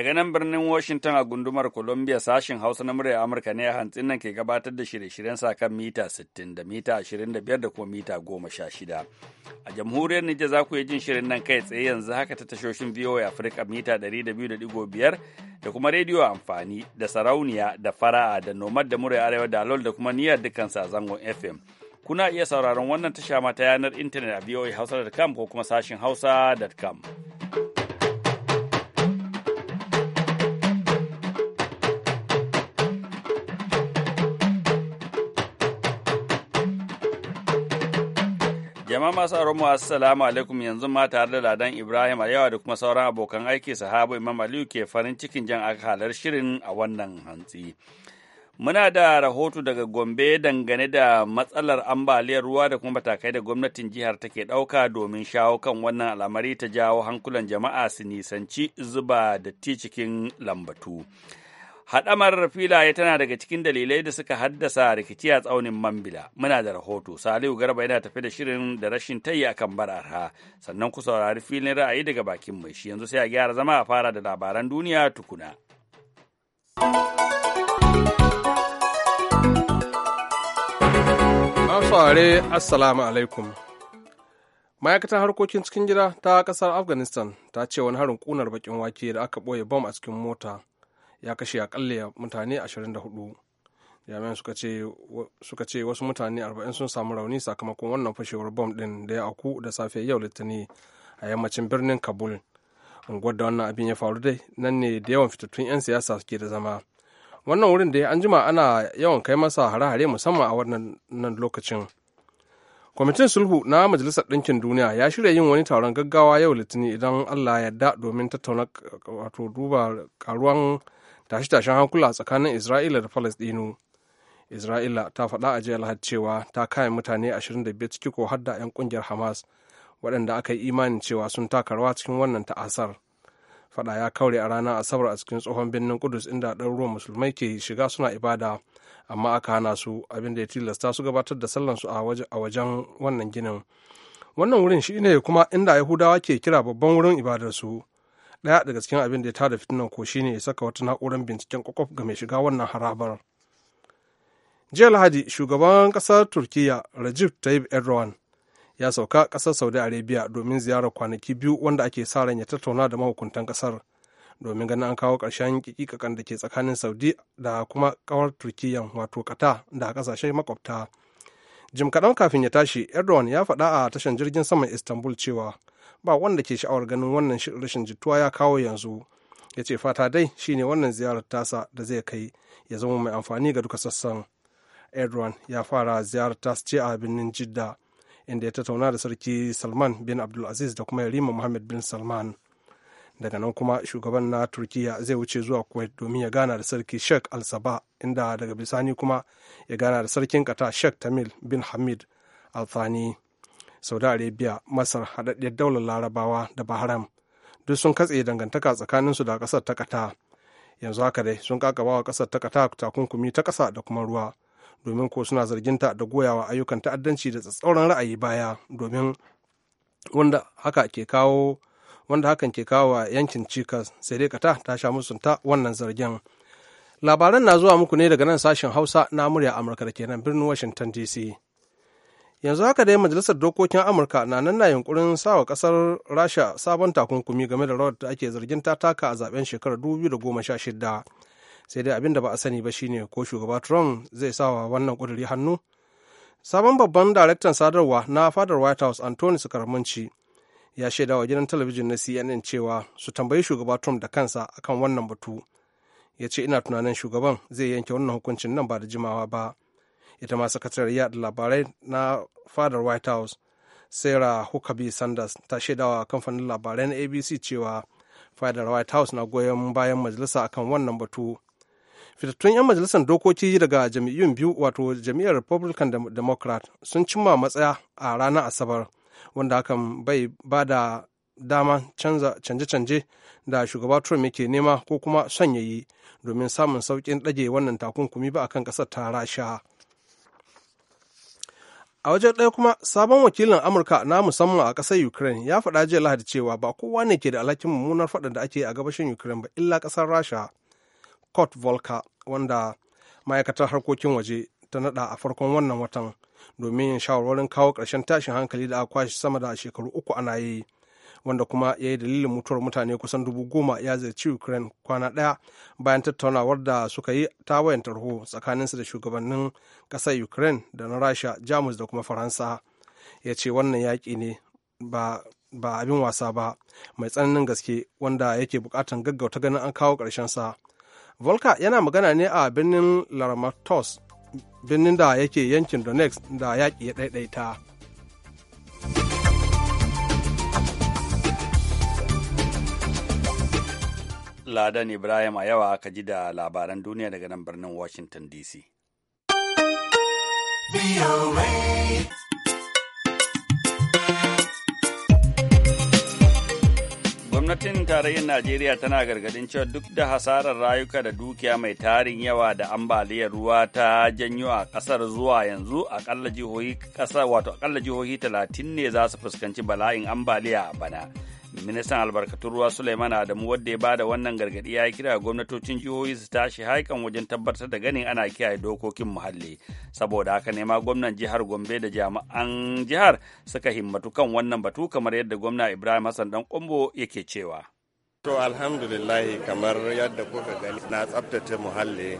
Daga nan birnin Washington a gundumar Columbia sashen Hausa na muryar Amurka ne a hantsin nan ke gabatar da shirye-shiryen sa kan mita 60 da mita 25 da kuma mita 16. A jamhuriyar Nijar za ku yi jin shirin nan kai tsaye yanzu haka ta tashoshin VOA Africa mita 200.5 da kuma rediyo amfani da sarauniya da fara'a da nomad da murya arewa da alol da kuma niyyar dukkan sa zangon FM. Kuna iya sauraron wannan tasha ma ta yanar intanet a voahausa.com ko kuma sashin hausa.com. Jama'a masu aromu assalamu alaikum yanzu ma tare da Ladan Ibrahim a yawa da kuma sauran abokan aiki sahabu Imam Aliyu ke farin cikin jan akalar shirin a wannan hantsi. Muna da rahoto daga Gombe dangane da matsalar ambaliyar ruwa da kuma matakai da gwamnatin jihar take ɗauka domin shawo kan wannan al'amari ta jawo hankulan jama'a su nisanci zuba datti cikin lambatu. haɗamar filaye tana daga cikin dalilai da suka haddasa rikici a tsaunin mambila muna da rahoto salihu garba yana tafi da shirin da rashin tayi akan bar arha sannan ku saurari filin ra'ayi daga bakin mai shi yanzu sai a gyara zama a fara da labaran duniya tukuna Afare Assalamu alaikum ma'aikatar harkokin cikin gida ta ƙasar afghanistan ta ce wani harin ƙunar bakin wake da aka ɓoye bom a cikin mota ya kashe akalla mutane 24 jami'an suka ce wasu mutane 40 sun samu rauni sakamakon wannan fashewar bom din da ya auku da safe yau litinin a yammacin birnin kabul unguwar da wannan abin ya faru dai nan ne da yawan fitattun 'yan siyasa suke da zama wannan wurin da an jima ana yawan kai masa hare-hare musamman a wannan lokacin kwamitin sulhu na majalisar ɗinkin duniya ya shirya yin wani taron gaggawa yau litinin idan allah ya yarda domin tattauna wato duba karuwan tashe-tashen hankula tsakanin isra'ila da falasɗinu isra'ila ta faɗa a jiya lahad cewa ta kayan mutane 25 ciki ko har da 'yan ƙungiyar hamas waɗanda aka yi imanin cewa sun taka rawa cikin wannan ta'asar faɗa ya kaure a ranar asabar a cikin tsohon birnin kudus inda ruwan musulmai ke shiga suna ibada amma aka hana su abin da ya tilasta su gabatar da su a wajen wannan ginin wannan wurin shi ne kuma inda yahudawa ke kira babban wurin ibadarsu ɗaya daga cikin abin da ya tada fitinan ko shine ya saka wata na'urar binciken kwakwaf ga mai shiga wannan harabar jiya lahadi shugaban ƙasar turkiya rajib tayyip erdogan ya sauka ƙasar saudi arabia domin ziyarar kwanaki biyu wanda ake sa ran ya tattauna da mahukuntan ƙasar domin ganin an kawo ƙarshen kikikakan da ke tsakanin saudi da kuma ƙawar turkiyan wato kata da ƙasashe makwabta jim kaɗan kafin ya tashi erdogan ya faɗa a tashar jirgin saman istanbul cewa ba wanda ke sha'awar ganin wannan rashin jituwa ya kawo yanzu ya ce fata dai shine wannan ziyarar tasa da zai kai ya zama mai amfani ga duka sassan erdogan ya fara ziyarar tasa ce a birnin jidda inda ya tattauna da sarki salman bin abdulaziz da kuma yarima muhammad bin salman daga nan kuma shugaban na turkiya zai wuce zuwa kuwait domin ya gana da sarki sheikh al sabah inda daga bisani kuma ya gana da sarkin kata sheikh tamil bin hamid al thani saudi arabia masar haɗaɗɗiyar daular larabawa da bahram duk sun katse dangantaka tsakaninsu da ƙasar ta kata yanzu haka dai sun kakaba wa ƙasar ta kata takunkumi ta ƙasa da kuma ruwa domin ko suna zarginta da goyawa ayyukan ta'addanci da tsatsauran ra'ayi baya domin wanda haka ke kawo wanda hakan ke kawo wa yankin cikas sai dai kata ta sha musunta wannan zargin labaran na zuwa muku ne daga nan sashen hausa na murya amurka da kenan birnin washington dc yanzu haka dai majalisar dokokin amurka na nan na yunkurin wa kasar rasha sabon takunkumi game da rawar da ake zargin ta taka a zaben shekarar sha 2016 sai dai abin da ba a sani ba shine ko shugaba trump zai sawa wannan kuduri hannu sabon babban daraktan sadarwa na fadar white house anthony scaramucci ya shaida wa gidan talabijin na cnn cewa su tambayi shugaba trump da kansa akan wannan batu ya ce ina tunanin shugaban zai yanke wannan hukuncin nan ba da jimawa ba ita ma sakatariyar yada labarai na fadar white house sarah huckabee sanders ta shaidawa kamfanin labarai na abc cewa fadar white house na goyon bayan majalisa akan wannan batu fitattun 'yan majalisar dokoki daga jam'iyyun biyu wato jam'iyyar republican da democrat sun cimma matsaya a ranar asabar wanda hakan bai ba da dama canje-canje da shugaba Trump yake nema ko kuma son yayi domin samun saukin ɗage wannan takunkumi ba a kan ƙasar ta rasha. A wajen ɗaya kuma sabon wakilin Amurka na musamman a ƙasar Ukraine ya faɗa jiya Lahadi cewa ba kowa ne ke da alhakin mummunar faɗin da ake a gabashin Ukraine ba illa ƙasar Rasha. Kurt Volker wanda ma'aikatar harkokin waje ta naɗa a farkon wannan watan domin yin shawarwarin kawo ƙarshen tashin hankali da aka kwashe sama da shekaru uku ana yi wanda kuma ya yi dalilin mutuwar mutane kusan dubu goma ya ziyarci ukraine kwana ɗaya bayan tattaunawar da suka yi ta wayan tarho tsakaninsa da shugabannin ƙasar ukraine da na rasha jamus da kuma faransa ya ce wannan yaƙi ne ba ba abin wasa ba mai tsananin gaske wanda yake bukatan gaggauta ganin an kawo sa volka yana magana ne a birnin larmatos. birnin da yake yankin donetsk da yaƙi ya ɗaiɗaita ladan ibrahim a yawa aka ji da labaran duniya daga nan birnin washington dc Gwamnatin tarayyar Najeriya tana gargadin cewa duk da hasarar rayuka da dukiya mai tarin yawa da ambaliyar ruwa ta janyo a kasar zuwa yanzu akalla jihohi 30 wato akalla jihohi talatin ne za su fuskanci bala'in ambaliya a bana. ministan albarkatun ruwa suleiman adamu wadda ya ba da wannan gargadi ya yi kira gwamnatocin jihohi su tashi haikan wajen tabbatar da ganin ana kiyaye dokokin muhalli saboda haka ne ma gwamnan jihar gombe da jami'an jihar suka himmatu kan wannan batu kamar yadda gwamna ibrahim hassan dan yake cewa to alhamdulillahi kamar yadda kuka gani na tsabtace muhalli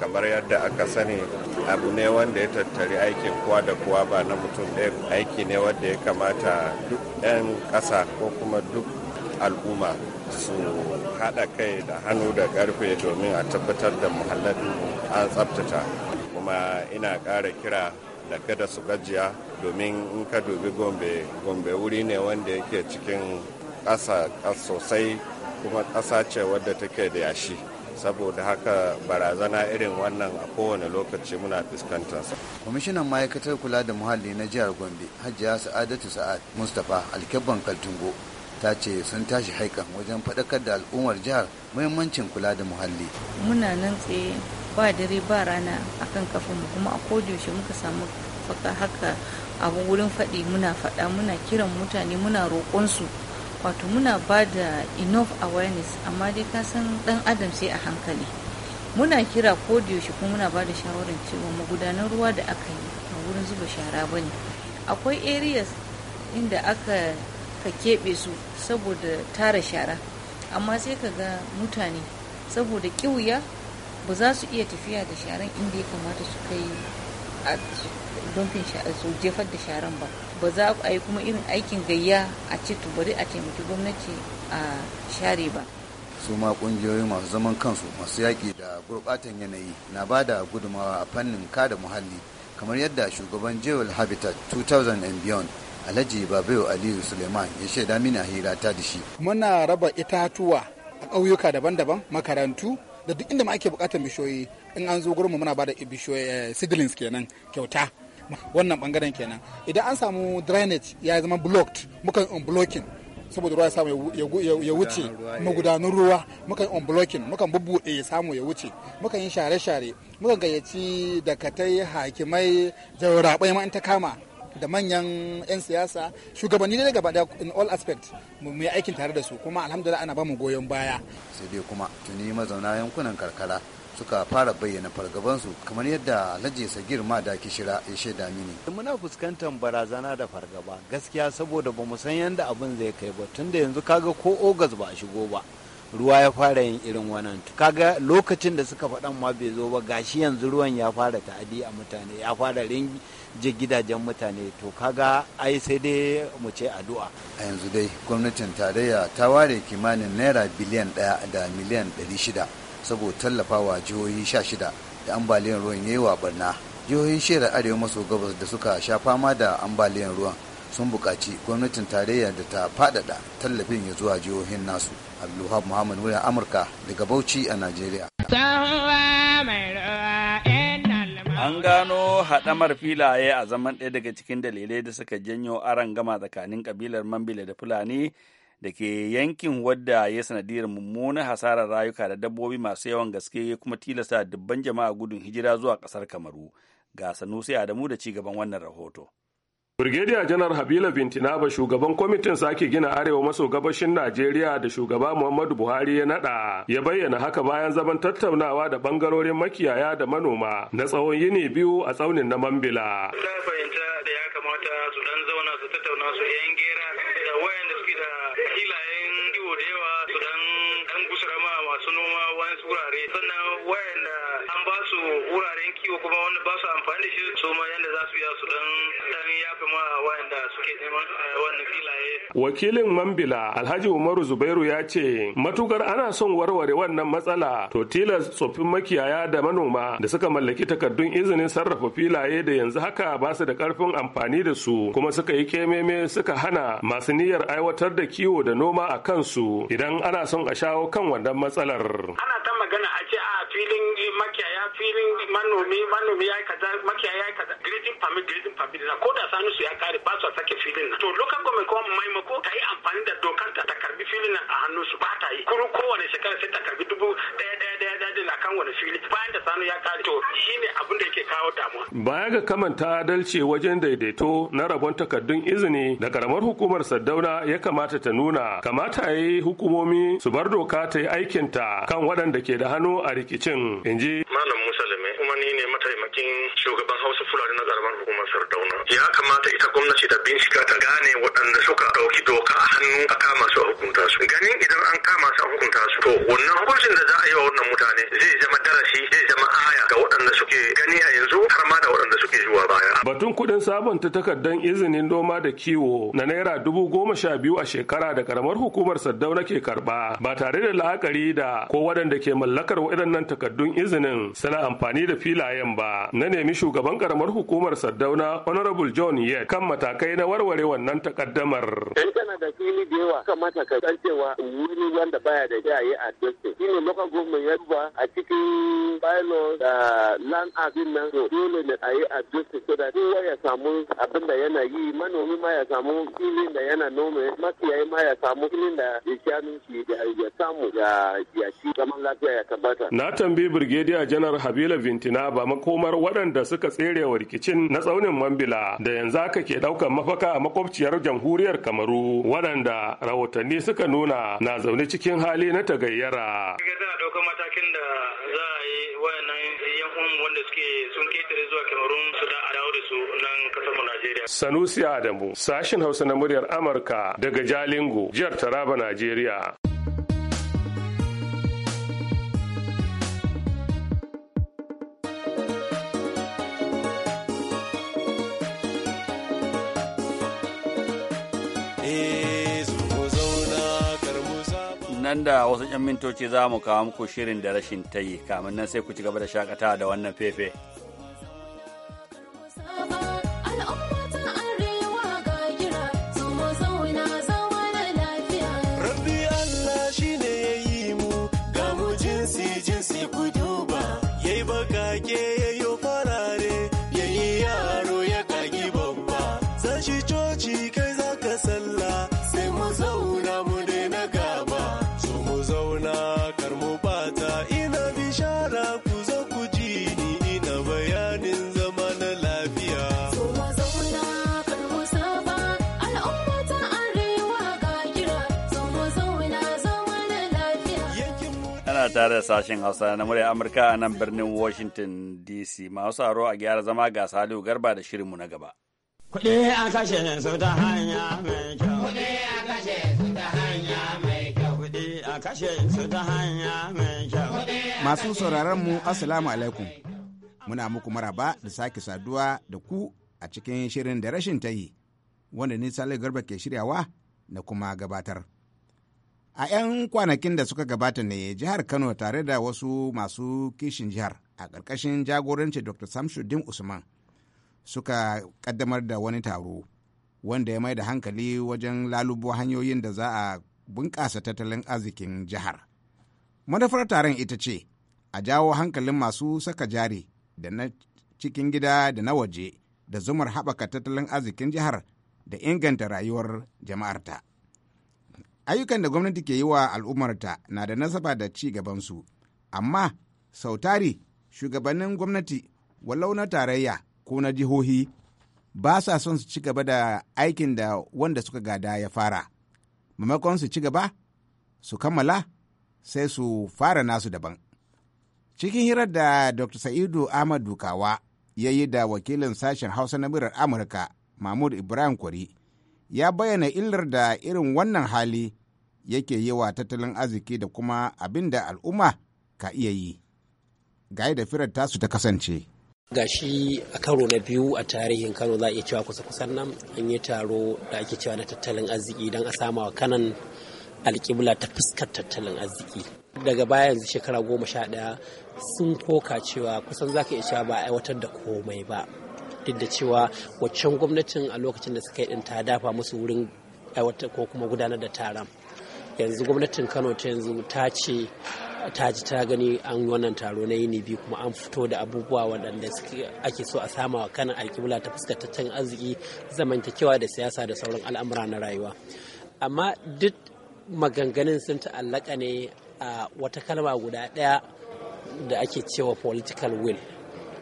kamar yadda aka sani abu ne wanda ya tattari aikin kuwa da kuwa ba na mutum ɗaya aiki ne wanda ya kamata duk 'yan ƙasa ko kuma duk al'umma su haɗa kai da hannu da ƙarfe domin a tabbatar da muhallin an tsabtata kuma ina ƙara kira da kada su gajiya domin in ka dubi gombe gombe wuri ne wanda yake cikin ƙasa sosai kuma ƙasa ce wadda take da yashi saboda haka barazana irin wannan a kowane lokaci muna sa. kwamishinan ma'aikatar kula da muhalli na jihar gombe hajiya sa'adatu sa'ad mustapha alkebban kaltungo ta ce sun tashi haikan wajen faɗakar da al'ummar jihar muhimmancin kula da muhalli muna nan tsaye ba dare ba rana akan kafin kuma a kodiyaushe muka samu faka haka abu wurin faɗi muna faɗa muna kiran mutane muna roƙonsu su wato muna ba da enough awareness amma dai ka san dan adam sai a hankali muna kira ko da yaushe kuma muna ba da shawarar cewa magudanan ruwa da aka yi a wurin zuba shara ba ne akwai areas inda aka ka keɓe su saboda tara shara amma sai ka ga mutane saboda kiwuya ba za su iya tafiya da sharan inda ya kamata su kai dumpin su jefar da sharan ba ba za a yi kuma irin aikin gayya a ce to bari a taimaki gwamnati a share ba su ma kungiyoyi masu zaman kansu masu yaƙi da gurɓatan yanayi na ba da gudumawa a fannin kada muhalli kamar yadda shugaban jewel habitat 2000 and beyond alhaji babayo aliyu suleiman ya shaida mini hira ta da shi muna raba itatuwa a ƙauyuka daban-daban makarantu da duk inda ma ake buƙatar bishiyoyi in an zo gurin muna ba da bishiyoyi eh, seedlings kenan kyauta wannan bangaren kenan idan an samu drainage ya zama blocked muka yi unblocking saboda ruwa ya samu ya wuce magudanun eh. ruwa mukan unblocking muka bubbuɗe ya samu ya wuce muka yi share-share muka gayyaci dakatai hakimai jawarabai ma in ta kama da manyan 'yan siyasa shugabanni da gaba da in all aspect mu yi aikin tare da su kuma alhamdulillah ana ba mu goyon baya sai dai kuma tuni mazauna yankunan karkara suka fara bayyana fargabansu kamar yadda alhaji sagir da kishira ya shaida mini muna fuskantar barazana da fargaba gaskiya saboda ba mu san yadda abin zai kai ba tunda yanzu kaga ko ogas ba a shigo ba ruwa ya fara yin irin wannan kaga lokacin da suka faɗan ma bai zo ba gashi yanzu ruwan ya fara ta'adi a mutane ya fara rinje gidajen mutane to kaga ai sai dai mu ce addu'a a yanzu dai gwamnatin tarayya ta ware kimanin naira biliyan ɗaya da miliyan ɗari shida saboda tallafawa jihohi sha shida da ambaliyar ruwan ya yi wa barna jihohin shirar arewa maso gabas da suka sha fama da ambaliyar ruwan sun buƙaci gwamnatin tarayya da ta faɗaɗa tallafin ya zuwa jihohin nasu abdulhab muhammad wuya amurka daga bauchi a najeriya an gano haɗamar filaye a zaman ɗaya daga cikin dalilai da suka janyo aron gama tsakanin ƙabilar mambila da fulani da ke yankin wadda ya sanadiyar mummunar hasarar rayuka da dabbobi masu yawan gaske ya kuma tilasta dubban jama'a gudun hijira zuwa kasar kamaru ga sanusi adamu da ci gaban wannan rahoto Brigadier Janar Habila Bintinaba shugaban kwamitin sake gina arewa maso gabashin Najeriya da shugaba Muhammadu Buhari ya nada ya bayyana haka bayan zaman tattaunawa da bangarorin makiyaya da manoma na tsawon yini biyu a tsaunin na Mambila. Na fahimta da ya kamata su dan zauna su tattauna su yange ko kuma wanda ba su amfani da shi su ma yanda za su iya su dan dan fi ma wayanda suke neman eh, wannan filaye wakilin mambila alhaji umaru zubairu ya ce matukar ana son warware wannan matsala to tilas tsoffin makiyaya da manoma da suka mallaki takardun izinin sarrafa filaye da yanzu haka ba su da karfin amfani da su kuma suka yi kememe suka hana masu niyyar aiwatar da kiwo da noma a kansu idan ana son a shawo kan wannan matsalar ana ta magana a ce a filin manomi manomi ya kaza makiyaya ya kaza grazing permit grazing permit na ko da sanu su ya kare ba su sake filin na. to local government kuma maimako ka yi amfani da dokar ta karbi filin na a hannun su ba ta yi kuru kowane shekara sai ta karbi dubu daya daya daya daya na kan wani fili bayan da sanu ya kare to shi ne abin da yake kawo damuwa baya ga kamanta adalci wajen daidaito na rabon takardun izini da karamar hukumar sadauna ya kamata ta nuna kamata yi hukumomi su bar doka ta yi aikinta kan waɗanda ke da hannu a rikicin inji malam shine mataimakin shugaban hausa fulani na karamar hukumar sardauna ya kamata ita gwamnati ta bincika ta gane waɗanda suka ɗauki doka a hannu a kama su a hukunta su ganin idan an kama su a hukunta su to wannan hukuncin da za a yi wa wannan mutane zai zama darasi zai zama aya ga suke gani a yanzu har ma da waɗanda suke zuwa baya. Batun kuɗin sabunta takardar izinin noma da kiwo na naira dubu goma sha biyu a shekara da karamar hukumar Saddauna ke karɓa ba tare da la'akari da ko waɗanda ke mallakar waɗannan takardun izinin suna amfani da filayen ba. Na nemi shugaban karamar hukumar Saddauna Honorable John Yet kan matakai na warware wannan takaddamar. Yan da fili da yawa kamata ka cewa wuri wanda baya da jaye a Shi ne goma ya duba a cikin bylaw da plan abin nan dole ne a yi adjustin so da kowa ya samu abin da yana yi manomi ma ya samu filin da yana nome makiyayi ma ya samu filin da ya shi ya samu ya shi zaman lafiya ya tabbata. Na tambayi Birgediya Janar Habila Vintina ba makomar waɗanda suka tsere wa rikicin na tsaunin Mambila da yanzu aka ke ɗaukan mafaka a makwabciyar jamhuriyar Kamaru waɗanda rahotanni suka nuna na zaune cikin hali na tagayyara. Ga tana ɗaukar matakin da za a yi wanda suke sun ketare zuwa Cameroon su da a dawo da su nan kasar mu Najeriya. Sanusi Adamu, sashin Hausa na muryar Amurka daga Jalingo, jihar Taraba, Najeriya. nan da wasu 'yan mintoci za mu kawo muku shirin da rashin tayi kamin nan sai ku ci gaba da shakatawa da wannan fefe. tare da sashen Hausa na murya Amurka a nan birnin Washington DC. Masu aro a gyara zama ga Saliu Garba da shirinmu na gaba. Kuɗi a kashe su ta hanya mai kyau. Kuɗi a kashe su ta hanya mai kyau. Kuɗi a kashe su ta hanya mai kyau. Masu sauraron mu Assalamu alaikum. Muna muku maraba da sake saduwa da ku a cikin shirin da rashin ta yi, wanda ni Saliu Garba ke shiryawa na kuma gabatar. A 'yan kwanakin da suka gabata ne jihar Kano tare da wasu masu kishin jihar a ƙarƙashin jagoranci Dr. Samshuddin Usman suka ƙaddamar da wani taro wanda ya mai da hankali wajen lalubo hanyoyin da za a bunƙasa tattalin arzikin jihar. Manufar taron ita ce a jawo hankalin masu saka jari da na cikin gida da na waje da zumar haɓaka tattalin arzikin jihar da inganta rayuwar jama'arta. ayyukan da gwamnati ke yi wa al'ummarta na da nasaba da ci gabansu amma sautari shugabannin gwamnati walau na tarayya ko na jihohi ba sa son su ci gaba da aikin da wanda suka gada ya fara maimakon su ci gaba su kammala sai su fara nasu daban cikin hirar da dr sa'idu ahmad dukawa ya yi da wakilin sashen hausa na murar amurka mahmud ibrahim kwari ya bayyana illar da irin wannan hali yake yi wa tattalin arziki da kuma abin da al'umma ka iya yi. Ga da firar tasu ta kasance. ga shi a karo na biyu a tarihin kano za a iya cewa kusa kusan nan an yi taro da ake cewa na tattalin arziki don a sama wa kanan alƙibla ta fuskar tattalin arziki daga baya yanzu shekara goma sha ɗaya sun koka cewa kusan za ka iya cewa ba a aiwatar da komai ba duk da cewa waccan gwamnatin a lokacin da suka yi ɗin ta dafa musu wurin aiwatar ko kuma gudanar da taron yanzu gwamnatin kano ta yanzu ta ce ta ji ta gani an yi wannan taro na yini biyu kuma an fito da abubuwa waɗanda ake so a sama wa kanan alkibla ta fuskar tattalin arziki zamantakewa da siyasa da sauran al'amura na rayuwa amma duk maganganun sun ta'allaka ne a wata kalma guda ɗaya da ake cewa political will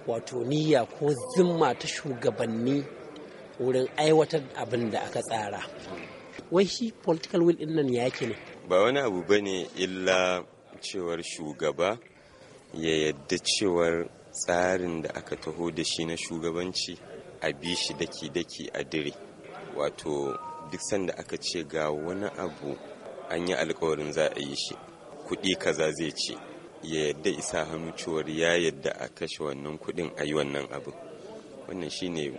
wato niyya ko zimma ta shugabanni wurin aiwatar abin da aka tsara wai shi political will din nan yake ne ba wani abu ba ne illa cewar shugaba ya yadda cewar tsarin da aka taho da shi na shugabanci a bi shi daki-daki a dire wato duk sanda aka ce ga wani abu an yi alkawarin za a yi shi kuɗi kaza zai ce ya yadda isa hannu cewar ya yadda a kashe wannan kuɗin a yi wannan abu wannan shine ne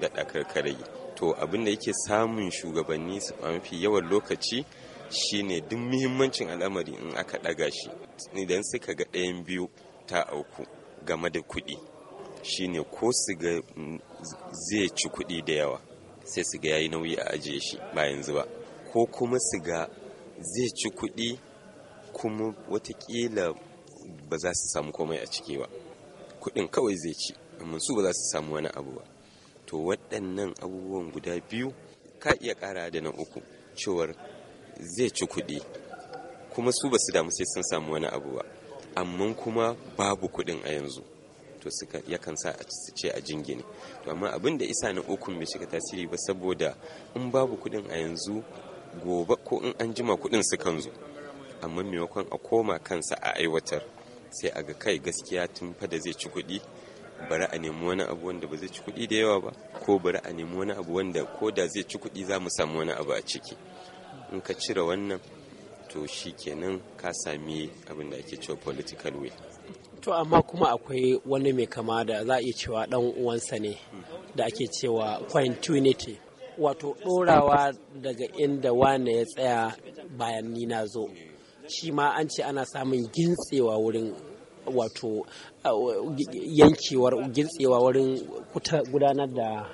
daɗa karkar yi to abin da yake samun shugabanni su mafi yawan lokaci shine duk muhimmancin al'amari in aka ɗaga shi idan suka ga ɗayan biyu ta auku game da kuɗi shine ko su ga zai ci kuɗi da yawa sai su ga yi nauyi a ajiye shi ba yanzu ba ko kuma su ga zai ci kuɗi kuma watakila ba za su samu komai a ciki ba kuɗin kawai zai ci amma su ba za su samu wani abu ba to waɗannan abubuwan guda biyu ka iya ƙara da na uku cewar zai ci kuɗi kuma su ba su damu sai sun samu wani abu ba amma kuma babu kuɗin a yanzu to suka yakan sa su ce a jingine to amma abin da isa na ukun bai shiga tasiri ba saboda in babu kuɗin a yanzu gobe ko in an jima kuɗin kan zo amma maimakon a koma kansa a aiwatar sai a ga kai gaskiya tun fa da zai ci kuɗi bari a nemi wani abu wanda ba zai ci kuɗi da yawa ba ko bari a nemi wani abu wanda ko da zai ci kuɗi za mu samu wani abu a ciki in ka cire wannan to shi kenan ka sami abin da ake cewa political way. to amma kuma akwai wani mai kama da za a iya cewa dan uwansa ne da ake cewa continuity wato ɗorawa daga inda wane ya tsaya bayan ni na zo shi ma an ce ana samun gintsewa wurin wato yankewar gintsewa wurin gudanar da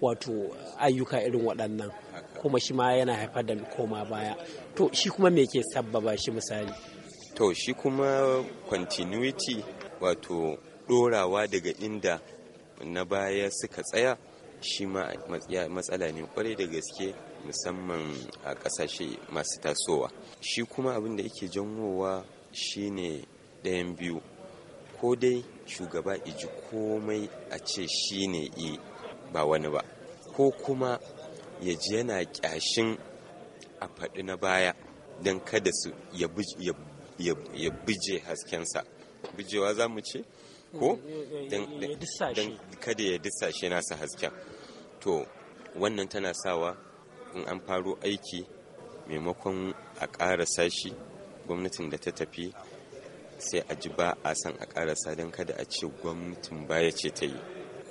wato ayyuka irin waɗannan kuma shi ma yana haifar da koma baya to shi kuma me ke sabbaba shi misali to shi kuma continuity wato ɗorawa daga inda na baya suka tsaya shi ma matsala ne kwarai da gaske musamman a kasashe masu tasowa shi kuma abin da yake janwowa shine ɗayan biyu ko dai shugaba iji komai a ce shi ne i ba wani ba ko kuma ya ji yana ƙyashin a faɗi na baya don kada su ya bije haskensa bijewa za mu ce ko mm, don kada ya disa shi nasa hasken to wannan tana sawa in an faro aiki maimakon a ƙarasa shi gwamnatin da ta tafi sai a ji ba a san a ƙarasa don kada a ce gwamnatin baya ce ta yi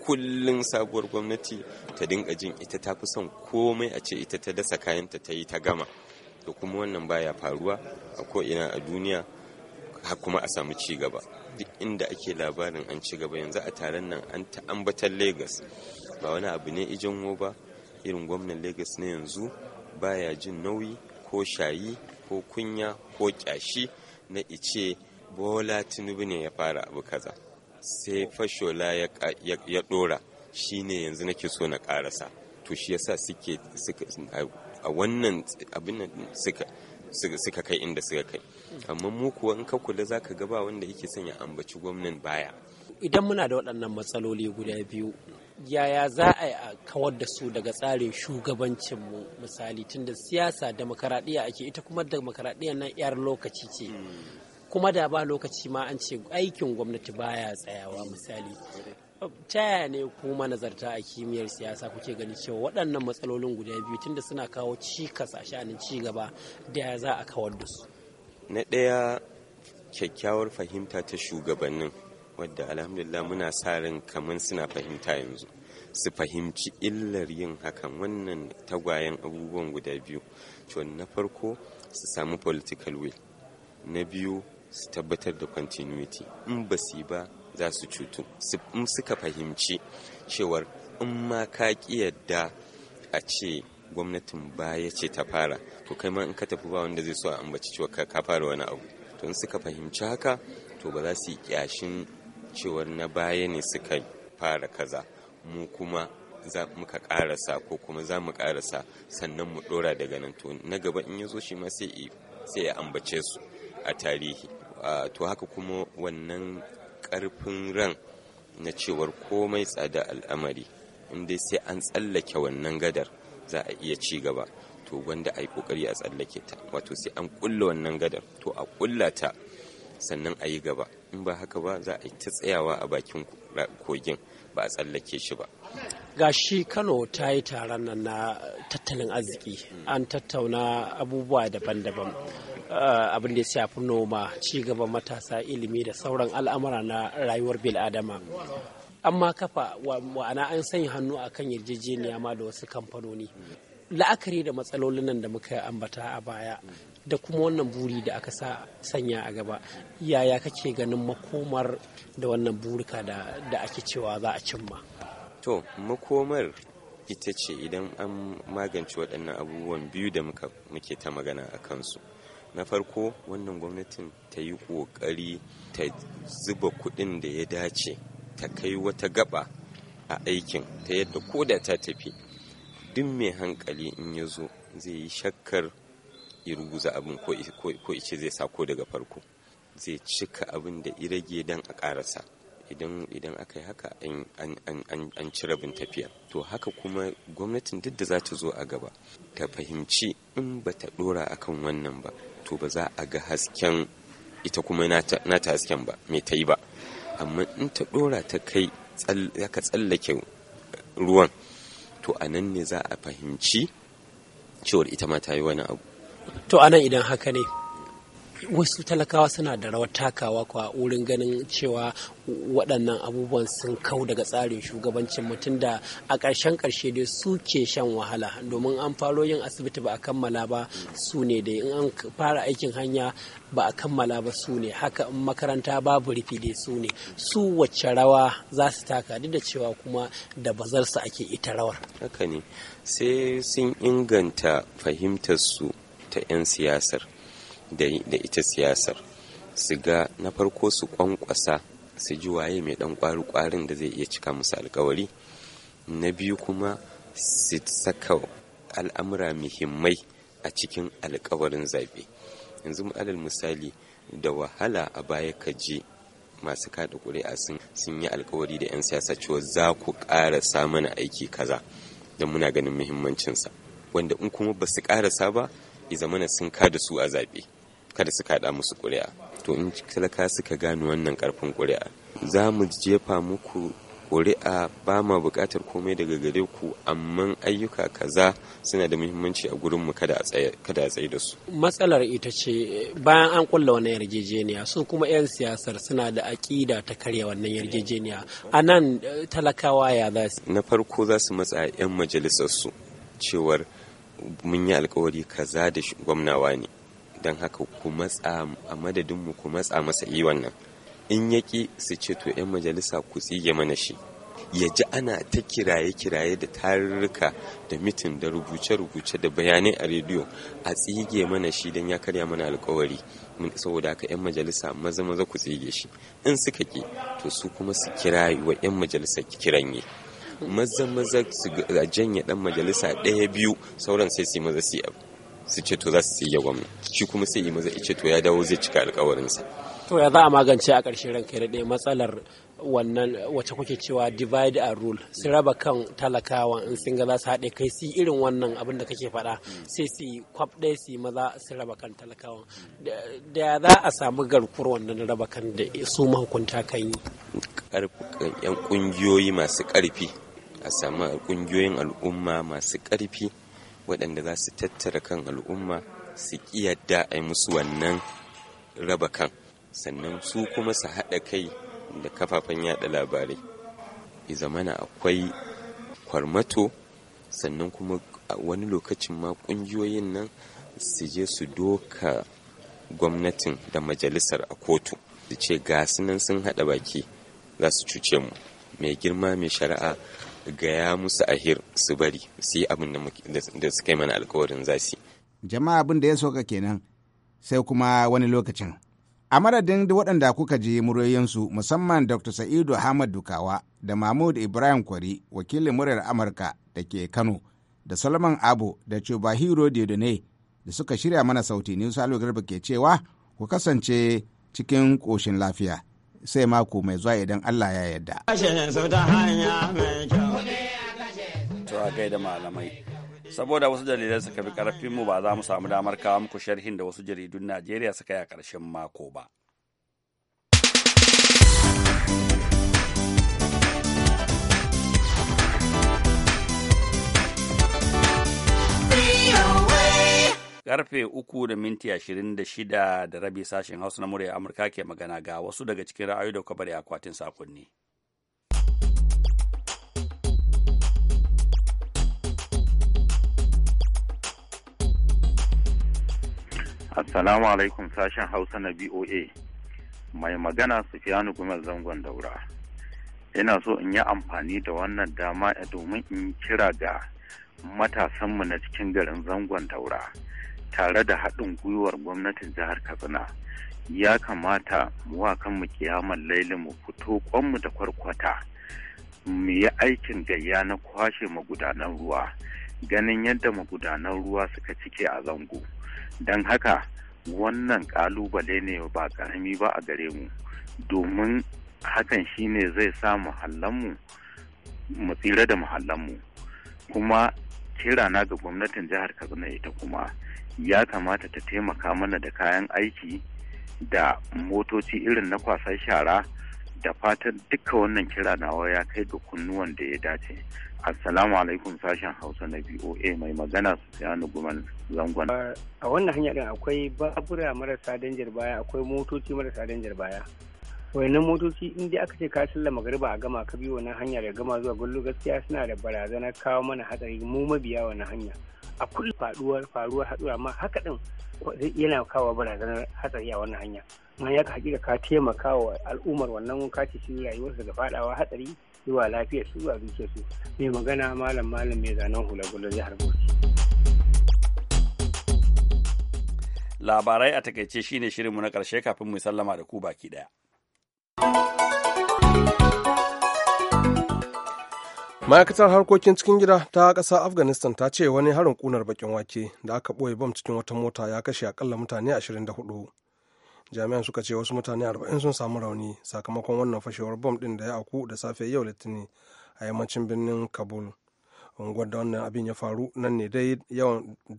kullum sabuwar gwamnati ta dinga jin ita ta fi son komai a ce ita ta dasa kayanta ta yi ta gama da kuma wannan baya faruwa a ko'ina a duniya kuma a samu ci gaba duk inda ake labarin an ci gaba yanzu a taron nan an ta Legas lagos ba wani abu ne ijin ba irin gwamnan Legas na yanzu baya jin nauyi ko shayi ko kunya ko kyashi na ice Bola Tinubu ne ya fara abu kaza. Sai fashola ya ɗora shi ne yanzu nake so na ƙarasa. To shi yasa suke a wannan abin nan suka suka kai inda suka kai hmm. amma mu kuwa in ka kula zaka ga wanda yake son ya ambaci gwamnan baya idan muna da waɗannan matsaloli guda biyu yaya za a yi a kawar da su daga tsarin shugabancin mu. misali tunda siyasa demokaradiyya ake ita kuma demokaradiyya nan 'yar lokaci ce kuma da ba lokaci ma an ce aikin gwamnati baya tsayawa misali ta yaya ne kuma nazarta a kimiyyar siyasa kuke gani cewa waɗannan matsalolin guda biyu tunda suna kawo cikas a sha'anin ci gaba da za a kawar da su na ɗaya kyakkyawar fahimta ta shugabannin wadda alhamdulillah muna sa ran kamar suna fahimta yanzu su fahimci illar yin hakan wannan tagwayen abubuwan guda biyu to na farko su samu political will na biyu su tabbatar da continuity in ba su ba za su cutu in suka fahimci cewar in ma ka yadda a ce gwamnatin baya ce ta fara to kai ma in ka tafi ba wanda zai so a ambaci cewa ka fara wani abu to in suka fahimci haka to ba za su yi kyashin cewar na baya ne suka fara kaza mu kuma za muka karasa ko kuma za mu karasa sannan mu dora daga nan to na gaba in ya zo shi ma sai ya ambace su a tarihi to haka kuma wannan karfin ran na cewar komai tsada al'amari inda sai an tsallake wannan gadar za a iya ci gaba to wanda a yi kokari a tsallake ta wato sai an ƙulla wannan gadar to a kulla ta sannan a yi gaba in ba haka ba za a ta tsayawa a bakin kogin ba a tsallake shi ba ga shi kano ta yi taron nan na tattalin arziki an tattauna abubuwa daban-daban ah, abin da ya shafi noma ci gaba matasa ilimi da sauran al'amura na rayuwar bil'adama amma kafa wa'ana an sanya hannu a kan yarjejeniya ma da wasu kamfanoni la'akari da matsalolin nan da muka ambata a baya da kuma wannan buri da aka sa sanya a gaba yaya kake ganin makomar da wannan burika da ake cewa za a cimma to makomar ita ce idan an magance waɗannan abubuwan biyu da muke ta magana a kansu na farko wannan gwamnatin ta yi ƙoƙari ta zuba kuɗin da ya dace ta kai wata gaba a aikin ta yadda ko da ta tafi duk mai hankali in ya zo zai yi shakkar ya ruguza abin ko ice zai sako daga farko zai cika abin da irage rage don a karasa idan idan aka yi haka an ci rabin tafiya to haka kuma gwamnatin duk da za ta zo a gaba ta fahimci in ba ta dora akan wannan ba to ba za a ga hasken ita kuma na ta hasken ba mai ta yi ba amma in ta dora ta kai ka tsallake ruwan to a nan ne za a fahimci cewar ita ma ta yi wani abu to anan idan haka ne wasu talakawa suna da rawar takawa kwa wurin ganin cewa waɗannan abubuwan sun kau daga tsarin shugabancin mutum da a ƙarshen ƙarshe dai su ke shan wahala domin an faro yin asibiti ba a kammala ba su ne dai in an fara aikin hanya ba a kammala ba su ne haka in makaranta babu rufi dai su ne su wacce rawa za su taka duk da cewa kuma da bazarsa ake ita rawar haka ne sai sun inganta fahimtar su ta 'yan siyasar da ita siyasar su ga na farko su kwankwasa su ji waye mai dan kwari kwarin da zai iya cika musu alkawari na biyu kuma su saka al'amura muhimmai a cikin alkawarin zaɓe yanzu alal misali da wahala a baya ka je masu kada ƙuri'a sun yi alkawari da 'yan siyasa cewa za ku ƙarasa mana aiki kaza don muna ganin muhimmancinsa wanda in kuma ba su ƙarasa ba i zamana sun kada su a zaɓe kada su kada musu ƙuri'a to in talaka suka gane wannan ƙarfin ƙuri'a za mu jefa muku ƙuri'a ba ma buƙatar komai daga gare ku amma ayyuka kaza suna da muhimmanci a gurinmu kada a tsaye da su. Matsalar ita ce bayan an kulla wannan yarjejeniya su kuma 'yan siyasar suna da aƙida ta karya wannan yarjejeniya a nan eh, talakawa ya za su. Na farko za su matsa 'yan majalisarsu cewar mun yi alkawari kaza da gwamnawa ne don haka ku matsa a madadinmu ku matsa masa yi wannan in yaƙi su ce to 'yan majalisa ku tsige mana shi ya ji ana ta kiraye-kiraye da tarurruka da mitin da rubuce-rubuce da bayanai a rediyo a tsige mana shi don ya karya mana alkawari saboda haka 'yan majalisa maza-maza ku tsige shi in suka ke to su kuma su kiraye wa 'yan majalisa kiranye maza maza su janye dan majalisa ɗaya biyu sauran sai su yi maza su abu su ce to za su siya gwamna shi kuma sai yi maza ce to ya dawo zai cika alkawarinsa to ya za a magance a ƙarshen ranka da ɗaya matsalar wannan wacce kuke cewa divide and rule su raba kan talakawa in sun ga za su haɗe kai su irin wannan abin da kake faɗa sai su kwaf ɗaya su maza su raba kan talakawa da za a samu garkuwar wannan raba kan da su mahukunta kan yi yan ƙungiyoyi masu ƙarfi a samu ƙungiyoyin al'umma masu ƙarfi waɗanda za su tattara kan al'umma su yadda a yi musu wannan raba kan sannan su kuma su haɗa kai da kafafen yada labarai i zamana akwai kwarmato sannan kuma a wani lokacin ma ƙungiyoyin nan su je su doka gwamnatin da majalisar a kotu su ce ga nan sun haɗa baki za su cuce mu mai girma mai shari'a gaya musu ahir su bari su abin da suka yi mana alkawarin zasi. jama'a abin da ya soka kenan sai kuma wani lokacin a madadin waɗanda kuka ji muryoyinsu musamman dr sa'idu ahmad dukawa da mahmud ibrahim kwari wakilin muryar amurka da ke kano da solomon abu da chubahiro dedone da suka shirya mana sauti ne salo garba ke cewa ku kasance cikin ƙoshin lafiya sai mako mai zuwa idan allah ya yarda. a da malamai. Saboda wasu dalilai suka fi mu ba za mu samu damar kawo muku sharhin da wasu jaridun Najeriya suka yi a karshen mako ba. karfe uku da minti ashirin da shida da rabi sashen hausa na murya amurka ke magana ga wasu daga cikin ra'ayoyi da kwabar akwatin sakonni. Assalamu alaikum sashen Hausa na BOA. Mai magana Sufiyanu Gumel Zangon Daura. Ina so in yi amfani da wannan dama domin in kira ga matasanmu na cikin garin Zangon Daura tare da haɗin gwiwar gwamnatin jihar Katsina. Ya kamata mu kanmu kiyamar laili mu fito kwanmu da kwarkwata. Mu yi aikin gayya na kwashe magudanan ruwa. Ganin yadda magudanan ruwa suka cike a zango. don haka wannan kalubale ne ba karami ba a gare mu domin hakan shine zai sa mahallanmu mu tsira da mu. kuma kirana ga gwamnatin jihar kaduna ita kuma ya kamata ta taimaka mana da kayan aiki da motoci irin na kwasan shara da fatan duka wannan kira nawa ya kai ga kunnuwan da ya dace Assalamu alaikum sashen Hausa na BOA mai magana su yanu Guman Zangon. A wannan hanya din akwai babura marasa danjar baya akwai motoci marasa danjar baya. na motoci in dai aka ce ka sallama magariba a gama ka bi wannan hanya da gama zuwa gullu gaskiya suna da barazana kawo mana hatsari mu mabiya wannan hanya. A kullum faruwar faruwar haɗuwa amma haka din yana kawo barazanar hatsari a wannan hanya. na ya hakika ka taimaka wa al'ummar wannan ka cikin rayuwarsa da fadawa hatsari zuwa lafiyar su zuwa zuciyar su mai magana malam malam mai zanen hula gular jihar bauchi labarai a takaice shine shirinmu na karshe kafin mu sallama da ku baki daya ma'aikatar harkokin cikin gida ta ƙasa afghanistan ta ce wani harin kunar bakin wake da aka ɓoye bam cikin wata mota ya kashe akalla mutane 24 jami'an suka ce wasu mutane arba'in sun samu rauni sakamakon wannan fashewar bom din da ya aku da safe yau litini a yammacin birnin kabul unguwar da wannan abin ya faru nan ne dai da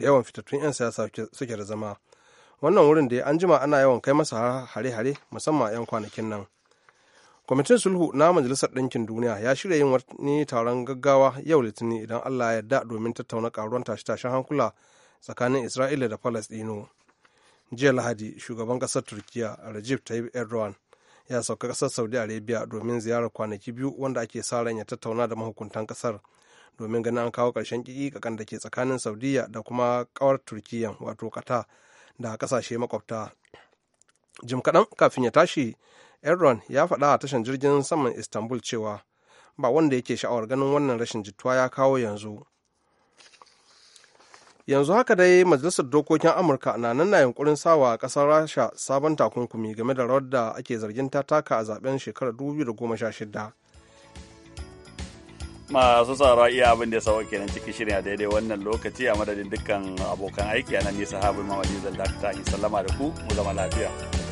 yawan fitattun 'yan siyasa suke da zama wannan wurin da an jima ana yawan kai masa hare-hare musamman a 'yan kwanakin nan kwamitin sulhu na majalisar ɗinkin duniya ya shirya yin wani taron gaggawa yau litini idan allah ya yarda domin tattauna karuwan tashe-tashen hankula tsakanin isra'ila da falastino jiya lahadi shugaban kasar turkiya rajib tayyip erdogan ya sauka kasar saudi arabia domin ziyarar kwanaki biyu wanda ake sa ran ya tattauna da mahukuntan kasar domin ganin an kawo ƙarshen kikikakan da ke tsakanin saudiya da kuma kawar turkiya wato kata da kasashe makwabta jim kaɗan kafin ya tashi erdogan ya faɗa a tashar jirgin saman istanbul cewa ba wanda yake sha'awar ganin wannan rashin jituwa ya kawo yanzu yanzu haka dai majalisar dokokin amurka na nan na yunkurin sawa kasar rasha sabon takunkumi game da rawar da ake zargin ta taka a zaben shekarar 2016 masu tsara iya abin da ya sawa kenan cikin shirin a daidai wannan lokaci a madadin dukkan abokan aiki a nan nisa habu mamadi zan dakta in sallama da ku mu zama lafiya